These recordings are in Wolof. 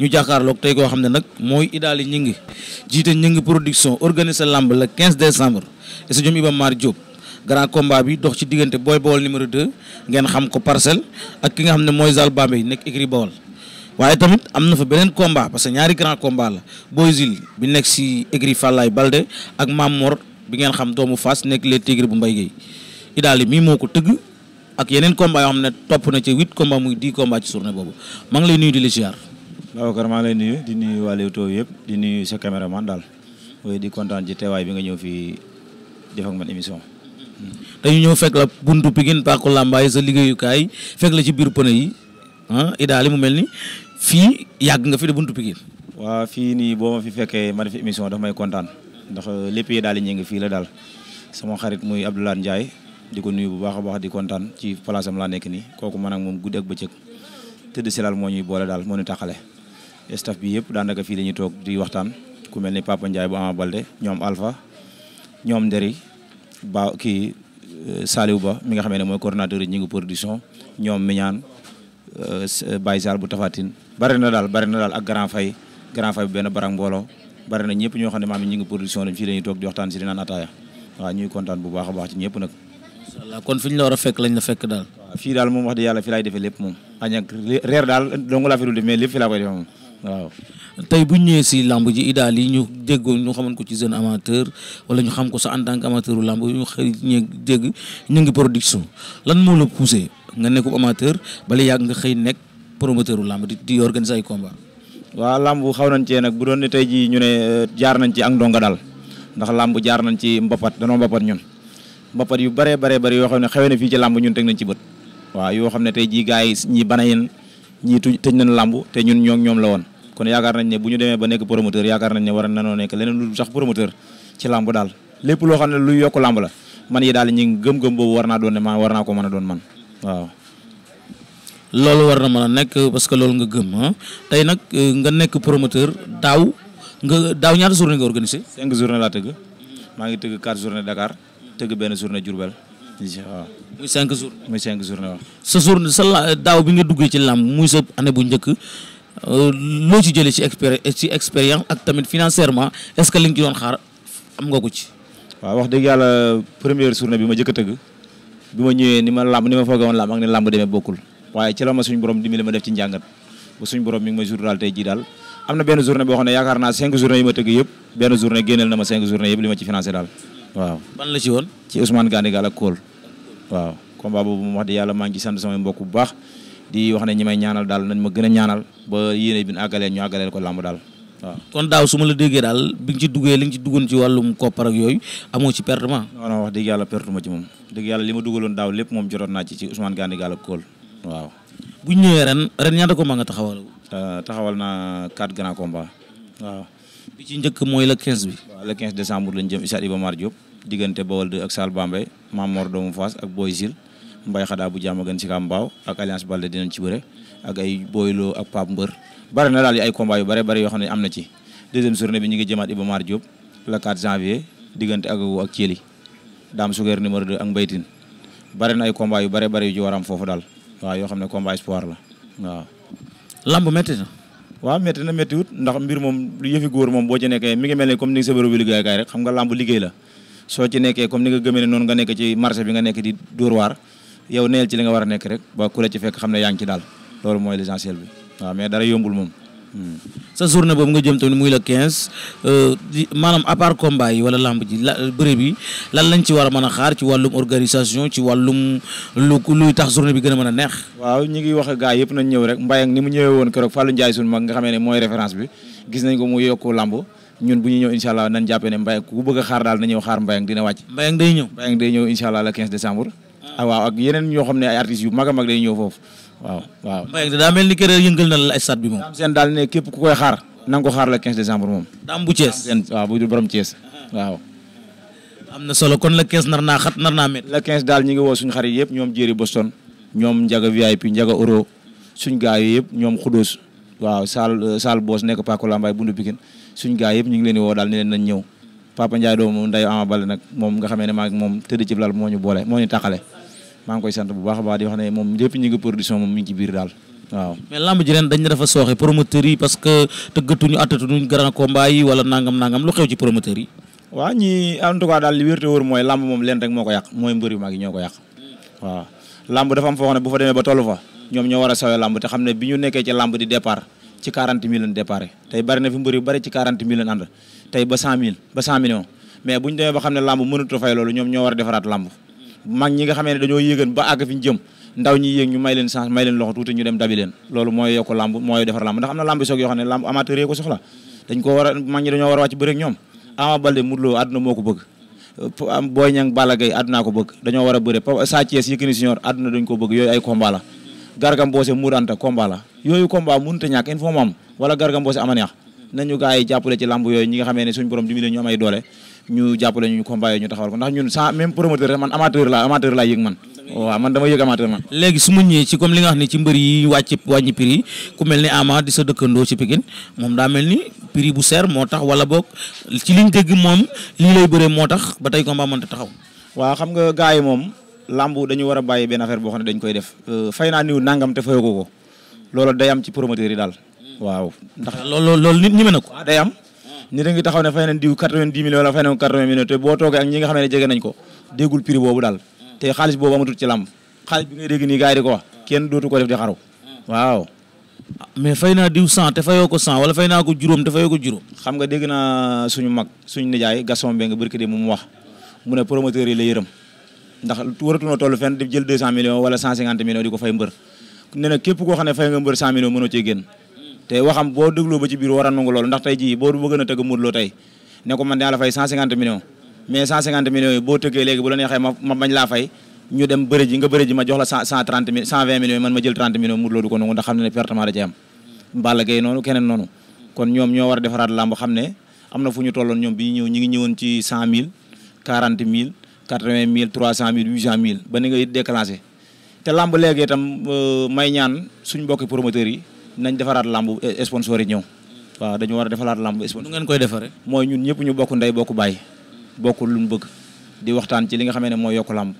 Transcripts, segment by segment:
ñu jàkkaarloog tey koo xam ne nag mooy Idaly Gningue jiite Gningue production organiser lamb le 15 décembre stade Iba Mar Diop grand combat bi dox ci diggante booy Baol numéro 2 ngeen xam ko parcelle ak ki nga xam ne mooy Zal Bambey nekk écurie Baol waaye tamit am na fa beneen combat parce que ñaari grand combat la Boy Zil bi nekk si écurie Fallaye Balde ak maam Mor bi ngeen xam doomu fas nekk les Tigres bu Mbaye Guèye Idaly mii moo ko tëgg ak yeneen ne topp na ci huit combat muy dix combat ci journée boobu maa ngi lay nuyu di Babacar maa lay nuyu di nuyu waa Leewtoo yëpp di nuyu sa caméraman daal waaye di kontaan ci teewaay bi nga ñëw fii def ak man émission. dañu ñëw fekk la buntu Pikine Pàkku Làmbaay sa liggéeyukaay fekk la ci biir pneu yi ah idaali mu mel ni fii yàgg nga fi de buntu Pikine. waa fii nii boo fi fekkee ma def émission daf may kontaan ndax euh, lépp yi daal di ñu ngi fii la daal sama xarit muy Abdoulaye Ndiaye di ko nuyu bu baax a baax di kontaan ci place am laa nekk nii kooku man ak moom guddi ak bëccëg tëdd si laal moo ñuy boole daal moo ñu taxale staff bi yëpp daanaka fii la ñuy toog di waxtaan ku mel ni Papa Ndiaye bu Ama Balde ñoom Alpha ñoom Nderi ba kii euh, Saliou Ba mi nga xamee ne mooy coordonnateur yi ñu ngi production ñoom Mignane euh, euh, Baye Sall bu Tafatine bari na daal bari na daal ak Grand Faye Grand Faye bu benn barak mbooloo bari na ñëpp ñoo xam ne maam ñu ngi production lañ fii la ñuy toog di si di naan ataaya waaw bu baax a ñëpp nag. incha allah kon fi la war a fekk lañ la fekk daal. moom wax dëgg yàlla fi laay defee lépp moom. añ reer daal dong laa def mais lépp fi koy defee moom. waaw tey bu ñëwee si làmb ji idaal yi ñu déggoo ñu xaman ko ci jeune amateur wala ñu xam ko sa en tànk amateur u lamb ñu xëy ñu dégg ñu ngi production lan moo la poussé nga nekku amateur bala yàgg nga xëy nekk promoteur u lamb di di organiser ay combat waaw lamb xaw nañ cee nag bu doon ne tey jii ñu ne euh, jaar nañ ci ak ndonga daal ndax lamb jaar nañ ci mbapat danoo mbapat ñun mbapat yu bëree bare bëri yoo xam ne xewee na fii ci làmb ñun teg nañ ci bët waaw yoo xam ne tey jii gars yi ñi bana yeen ñi tëj nañ làmb te ñun ñoo ñoom la woon kon yaakaar nañ ne bu ñu demee ba nekk promoteur yaakaar nañ ne war nanoo nekk leneen lu sax promoteur ci làmb daal lépp loo xam ne luy yokk làmb la man yi daal ñi war na mën a parce que loolu nga gëm ah tey nag euh, nga nekk promoteur daaw nga daaw ñaata journée nga organisé. cinq journée laa tëgg maa ngi tëgg quatre journée Dakar tëgg benn journée Diourbel. waaw muy cinq jours muy cinq journée waaw. sa journée sa daaw bi nga duggee ci làmb muy sa année bu njëkk Euh, loo ci jëlee ci expé ci expérience ak tamit financièrement est-ce que li nga ci doon nga ko ci. waaw wax dëgg yàlla première journée bi ma jëkk a tëgg bi ma ñëwee ni ma làmb ni ma foogee woon làmb ni làmb demee bokkul waaye ci la ma suñu borom dimbali ma def ci njàngat ba suñu borom mi ma jour daal tey jii daal am na benn journée boo xam ne yaakaar naa cinq journée yi ma tëgg yëpp benn journée génneel na ma cinq journée yëpp li ma ci financé daal waaw. ban la ci woon. ci Ousmane Gandigal ak Kool waaw combat yàlla maa ngi sant samay mbokk bu baax di wax ne ñi may ñaanal daal nañ ma gën a ñaanal ba yéene bi ñu àggalee ñu àggalee ko làmb daal kon daaw su ma la déggee daal bi nga ci duggee li ci duggoon ci wàllum koppar ak yooyu amoo ci perte ma. wax dëgg yàlla perte ma ci moom. dëgg yàlla li ma duggaloon daaw lépp moom jotoon naa ci ci Ousmane Gandi Gall Kool waaw. bu ñu ñëwee ren ren ko combat nga taxawal. Euh, taxawal naa quatre grands combats waaw. bi ci njëkk mooy le 15 bi. waaw le decembre décembre lañ jëm Issa Iba Mar Diop diggante Bawol 2 ak Sall Bambey Mamor doomu Faas ak mbay Xadaa bu jàmm gën ci Kambaaw ak Alliance Baldé dinañ ci bëre ak ay Boylo ak Pape Mbeur bari na daal ay combat bare bari yoo xam ne am na ci bi ñu ngi jëmaat Iba Mar Diop le 4 janvier diggante Agagu ak Thiéli Dame na ay combat yu bare bari yu ci war am foofu daal waaw yoo xam ne combat espoir la waaw. lamb métti na. waaw métti na méttiwut ndax mbir moom lu yëfi góor moom boo ci nekkee mi ngi mel ne comme ni nga sa bureau bi rek xam nga lamb liggéey la soo ci nekkee comme ni nga gëmee ne noonu nga nekk ci marché bi nga nekk di dóor waar yow neel ci li nga war a nekk rek ba ku la fekk xam ne yaa ngi ci daal loolu mooy l'essentiel bi waaw mais dara yombul moom. Hmm. sa journée boobu nga jëm tamit muy le 15 euh, maanaam à part combat wala lamb ji la bëre bi lan lañ ci a mën a xaar ci wàllum organisation ci wàllum lu luy tax journée bi gën a mën neex. waaw ñu ngi wax ak gars yëpp nañ ñëw rek Mbaye ak ni mu ñëwee woon keroog Fallou Ndiaye suñu mag nga xamee ne mooy référence bi gis nañ ko mu yokku lamb ñun bu ñu ñëw incha allah nañ jàppee ne Mbaye a xaar daal na ñëw xaar Mbaye décembre. Ah, waaw ak yeneen ñoo xam ne ay yu mag a mag day ñëw foofu waaw waaw. Mbaye daa mel ni Kéré yëngal na la stade bi moom. Dame Sène daal ne képp ku koy xaar na ko xaar la 15 décembre moom. Dame bu Thiès borom Thiès waaw. na solo kon le 15 nar naa xat nar naa met. le daal ñu ngi woo suñu xarit yëpp ñoom Jéeri Boston ñoom Njaga VIP Njaga Euro suñ gaa yi yëpp ñoom Xudóos waaw Sall euh, Sall Boos nekk Paco Lambaye bundu Pikine suñ gaa yëpp ñu ngi leen woo daal ne leen nañ ñëw Papa Ndiaye doomu nday Ama Baldé nag moom nga xamee ne maa moom tëdd ci lal moo ñu boole moo ñu tàqale maa ngi moom lépp moom lu xew ci promoteurs yi waaw ñi en daal li wérte mooy lamb moom leen rek moo ko yàq mooy mbër yu mag ñoo ko yàq waaw lamb dafa am foo xam bu fa demee ba tollu fa ñoom ñoo war a sawee lamb te xam ne bi ñu nekkee ci lamb di départ ci 40 mille lañ tey bari fi mbër yu bari ci 40 mille lañ tey ba 100 mais bu ñu demee ba xam ne lamb mënut fay loolu ñoom ñoo war a defaraat lamb mag ñi nga xamee ne dañoo yéegan ba àgg fi ñu ndaw ñi yéeg ñu may leen chance may leen loxo tuuti ñu dem dabi leen loolu mooy yokk lamb mooy defar lamb ndax am na lamb soog yoo xam lamb a dañoo war a wàcc bëre ak ñoom Ama Baldé Modou Lô àdduna moo ko bëgg Boy Niang Balla Gaye àdduna ko bëgg dañoo war a bëre Sa Thiès Yékini Senior àdduna dañ ko bëgg yooyu ay combat la Garga Mbossé Mour Anta combat yooyu combat mënut a ñàkk il faut mu am wala Garga Mbossé ama neex nañu gars yi jàppale ci lamb yooyu ñi nga xamee ne suñ borom dimbali ñu am ñu jàppale ñu combat yi ñu taxawal ko ndax ñun sans même promoteur man amateur la amateur man waaw man dama yëg amateur man léegi su ma ñëwee ci comme li nga xam ni ci Pikine moom daa mel ni prix bu seer moo ta wala boog ci liñ dégg moom lii lay bëree moo tax ba tey waaw xam nga gars yi moom lamb dañu war a bàyyi benn affaire boo xam ne dañ koy def euh, fay naa niw nangam te fayoo ko ko loolu day am ci promoteur yi daal hmm. waaw ndax loolu loolu nit ñi mën na ko day am nit a ngi taxaw ne fay nañ diw 90 millions wala fay nañ 80 millions te boo toogee ak ñi nga xam ne jege nañ ko déggul prix boobu daal te xaalis boobu amatul ci làmb xaalis bi ngay dégg nii gars yi di dootu ko def di xaru waaw mais fay naa diw 100 te fayoo ko 100 wala fay naa ko juróom te fayoo ko juróom xam nga dégg naa suñu mag suñu nijaay Gaston Mbengue barki de mu wax mu ne promoteur yi la yërëm ndax waratuñoo toll fenn di jël 200 millions wala 150 millions di te waxam boo dégloo ba ci biir war a nangu loolu ndax tey jii boo bëggoon a tëgg Modou Lo tey ne ko man dinaa la fay 150 millions mais 150 millions yi boo tëggee léegi bu la neexee ma ma bañ laa fay ñu dem bëri ji nga bëri ji ma jox la 130 millions 120 millions man ma jël 30 millions Modou Lo du ko nangu ndax xam ne ne pertement da ci am Balla Gaye noonu keneen noonu kon ñoom ñoo war a defaraat làmb xam ne am na fu ñu tolloon ñoom bi ñu ñëw ñi ci 100 000 40 000 80 000 300 000 800 000 ba ni ngay déclenché te làmb léegi euh, yi nañ defaraat lamb eh, sponsor yi ñëw waaw dañu war a defaraat lamb sponsor nu ngeen koy defaree mooy ñun ñëpp ñu bokk ndey bokk baay bokk bëgg di waxtaan ci li nga xamee ne mooy yokk lamb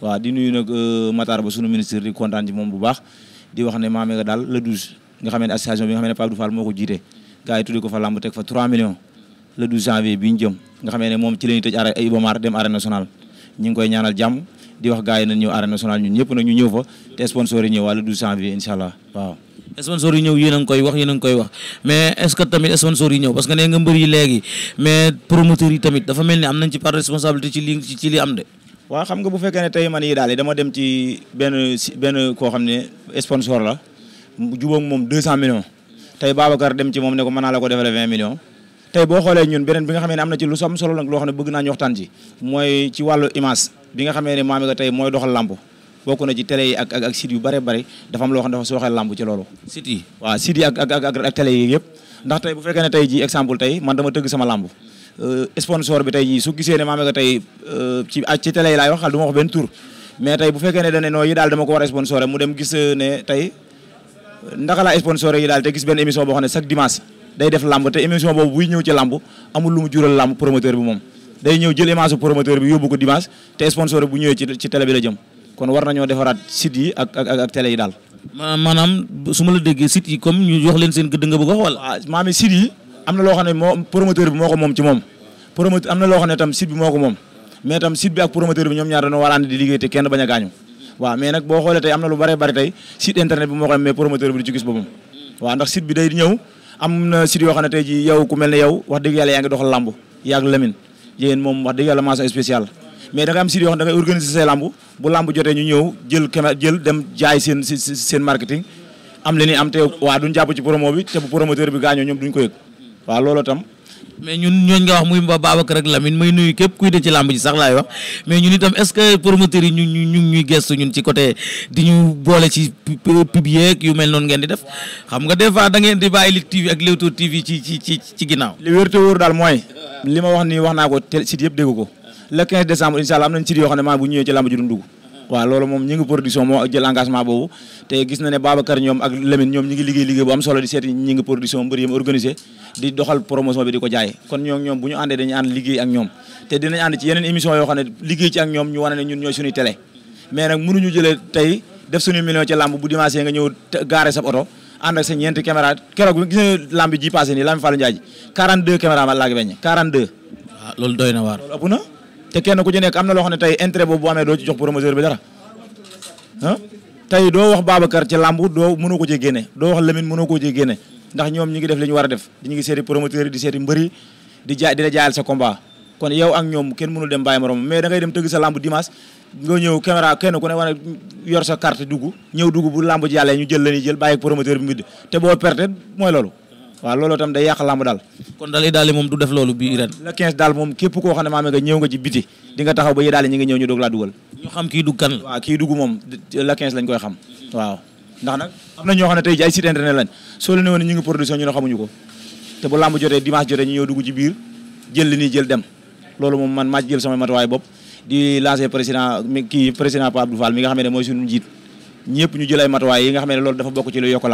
waaw di nuyu nag euh, Matar ba sunu ministre di kontaan ci moom bu baax di wax ne maame daal le douze nga xamee ne association ne Pape Dou moo ko jiite gars yi tudde ko fa lamb teg fa 3 millions le 12 ne moom ci la ñuy tëj dem arène nationale ñu ngi koy ñaanal jàmm di wax gars yi nañ ñëw arène nationale ñun ñëpp nag ñu ñëw fa te sponsor yi ñëw waa le 12 janvier incha waaw sponsor yi ñëw yéen a ngi koy wax a ngi koy wax mais est-ce que tamit sponsor yi ñëw parce que nee nga mbër yi mais promoteur yi tamit dafa mel ni am nañ ci part responsabilité ci li ci li am de. waaw xam nga bu fekkee ne tey man yi daal dama dem ci benn si xam ne sponsor la jubóog moom 200 millions tey Babacar dem ci moom ne ko mën naa la ko defalee 20 millions. tey boo xoolee ñun beneen bi nga xamee ne am na ci lu sam solo nag loo xam ne bëgg naa ñu waxtaan ci mooy bi nga xamee ne maam nga tey mooy doxal lamp bokk na ci télé yi ak ak yu bare bare dafa am loo xam dafa sooxeel làmb ci loolu site yi waaw ak télé yi yëpp ndax tey bu fekkee ne tey ji exemple tey man dama tëgg sama làmb euh, sponsor bi tey ji su gisee ne maa nga tey euh, ci ah, ci télé yi laay waxal du ma wax benn tur mais tey bu fekkee ne dane noo yi daal dama ko war a sponsoré mu dem gis euh, ne tey ndaka laa sponsoré yi daal te gis benn émission boo xam ne chaque dimanche day def làmb te émission boobu buy ñëw ci làmb amul lu mu jural làmb promoteur bi moom day ñëw jël image promoteur bi yóbbu ko dimanche te sponsor bu ñëwee ci ci télé bi la jëm kon war nañoo defaraat site yi ak ak yi daal. maanaam su ma la déggee site yi comme ñu jox leen seen gëdd nga bëgg wax wala. waaw ah, yi am na loo ne tam site bi moo ko moom mais promoteur bi a du ci gis boppam waaw ndax site bi day ñëw am na site yoo xam ne tey ji yow ku mel ne yow wax dëgg yàlla yaa ngi doxal làmb yaag Lamine yéen moom wax dëgg yàlla mention spéciale mais da am si yoo xam da ngay organiser say bu lamb jotee ñu ñëw jël keneen jël dem jaay seen seen marketing am li ni am te waa duñ jàpp ci promo bi te bu promoteur bi gaañoo ñoom duñ ko yëg waaw loolu tam. mais ñun ñooñ nga wax muy ba Babacar ak Lamine may nuyu képp kuy ci làmb ji sax laay wax mais ñun itam est que promoteurs yi ñu ñu ñu ñuy gestu ñun ci côté di ñu boole ci publier yu mel noonu ngeen di def xam nga des fois da ngeen di bàyyi Lutte TV ak Leewtoo TV ci ci ci ginnaaw. li wér te wóor daal mooy. li ma wax ni wax naa ko te site yëpp dégg ko. le 15 décembre incha allah am nañ ci yoo xam ne maa bu ñëwee ci làmb ji du dugg waaw loolu moom ñi ngi production moo jël engagement boobu te gis na ne Babacar ñoom ak Lamine ñoom ñi ngi liggéey liggéey bu am solo di seeti ñi ngi production mbër yëm organisé di doxal promotion bi di ko jaay kon ñoo ñoom bu ñu àndee dañuy ànd liggéey ak ñoom te dinañ ànd ci yeneen émission yoo xam ne liggéey ci ak ñoom ñu wane ne ñun ñooy suñuy télé mais nag mënuñu jëlee tey def suñu million ci làmb bu dimanche nga ñëw gaare sa oto ànd ak sa ñeenti caméra keroog gis na làmb ji passé nii Lamine Fallou Ndiaye 42 caméra ma laagi beññ 42 waaw loolu doy na waar ëpp na te kenn ku ci nekk am na loo xam ne tey intérêt boobu bu amee doo ci promoteur bi dara ah tey doo wax Babacar ci làmb doo mënoo ko ci génne doo wax Lamine mënoo ko ci génne ndax ñoom ñi ngi def li ñu war a def ñu ngi seeti promoteur yi di seeti mbëri di jaay di la jaayal sa combat kon yow ak ñoom kenn mënul dem baay moroom mais da ngay dem tëgg sa làmb dimanche nga ñëw caméra kenn ku ne war a yor sa carte dugg ñëw dugu bu làmb ji yàlla ñu jël la ñuy jël bàyyi promoteur bi mbid te boo perte mooy loolu waaw looloo tam da yàq làmb daal kon daal idaali moom du def loolu bi ren le 15 daal moom képp koo xam ne maa nga ñëw nga ci biti di nga taxaw ba idaali ñi ngi ñëw ñu doog laa dugal ñu xam kii dugg kan waaw kii dugg moom le 15 lañ koy xam mm-hmm. waaw ndax nag am na ñoo xam ne tey ji ay site internet lañ soo leen woon ñu ngi production ñu ne xamuñu ko te bu làmb jotee dimanche jotee ñu ñëw dugg ci biir jël nii jël dem loolu moom man maa ci jël sama matuwaay bopp di lancer président mi kii président Pape Abdou Fall mi nga xam ne mooy suñu njiit ñu jël ay matuwaay yi nga xam ne loolu dafa ci lu yokk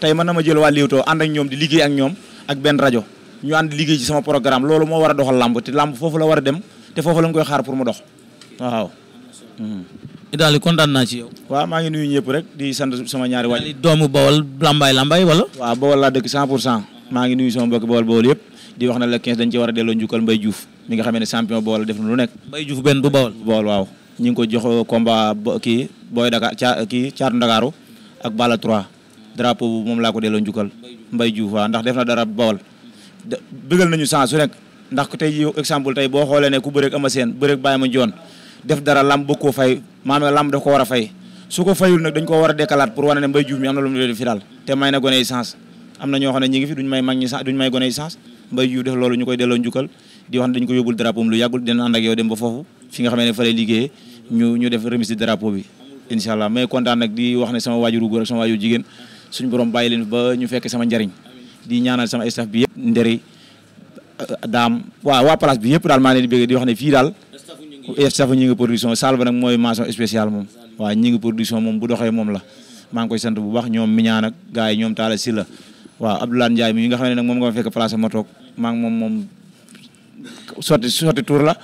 tey mën na ma jël waa Leewtoo ànd ak ñoom di liggéey ak ñoom ak benn rajo ñu ànd liggéey ci sama programme loolu moo war doxal làmb te làmb foofu la war a dem te foofu la nga koy xaar pour mu dox waaw. Mm. Idaly kontaan naa ci yow. waaw maa ngi nuyu ñëpp rek di sant sama ñaari waaj. doomu Bawol Lambaay Lambaay wala. waaw Bawol laa dëkk 100 pour cent maa ngi nuyu sama mbokki Bawol Bawol yëpp di wax na la 15 dañ ci war a delloo njukkal Mbaye Diouf mi nga xam ne champion Bawol def na lu nekk. Mbaye Diouf benn bu Bawol. Bawol waaw ñu ngi ko jox combat kii booy Dakar caa kii caatu Ndakaaru ak Balla 3. drapeau bu moom laa ko delloo njukkal Mbaye Diouf waaw ndax def na dara bawal bëggal nañu sens su nekk ndax te ji exemple te boo xoolee ne ku bëreeg ama seen bëreeg bàyyi ma joon def dara lamb bëgg koo fay maanaam lam daf ko war a fay su ko fayul nag dañ ko war a dekkalaat pour wane ne Mbaye Diouf mi am na lu mu fi daal te may na gone sens am na ne ñi ngi fi duñ may mag ñi sens duñ may gone yi sens Mbaye def loolu ñu koy delloo njukkal di wax ne dañ ko yóbbul drapeau lu yàggul dina ànd ak yow dem ba foofu fi nga xamee ne fa lay liggéeyee ñu ñu def remise de drapeau bi incha allah mais kontaan nag di wax ne sama waajuru góor ak sama waajur jigéen suñu borom bàyyi leen ba ñu fekk sama njariñ di ñaanal sama staff bi yëpp nderi daam waaw waa place bi yëpp daal maa leen di bëgg di wax ne fii daal staff ñi ngi production salle ba nag mooy mention spéciale moom waaw ñi ngi production moom bu doxee moom la maa ngi koy sant bu baax ñoom miñaan ak gars yi ñoom taala si la waaw Abdoulaye Ndiaye mi nga xam ne nag moom nga ma fekk place ma toog maa moom moom sotti sotti tuur la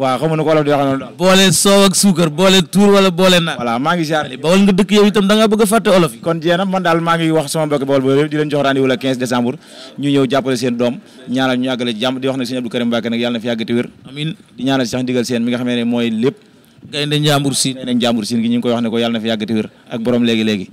waaw xam nga ko wala di wax noonu boole soow ak suukar boole tuur wala boole naan voilà maa ngi ziar bawol nga dëkk yow itam da nga a fàtte olof yi kon jeena man daal maa ngi wax sama mbokk bawol ba di leen jox rendez di wax ne sëñ Abdou Karim Mbacke nag yàlla na fi yàggati wér amiin di sax ndigal seen mi nga xam ne mooy lépp gaynde njàmbur siin gaynde njàmbur siin koy wax ne ko yàlla na fi ak borom léegi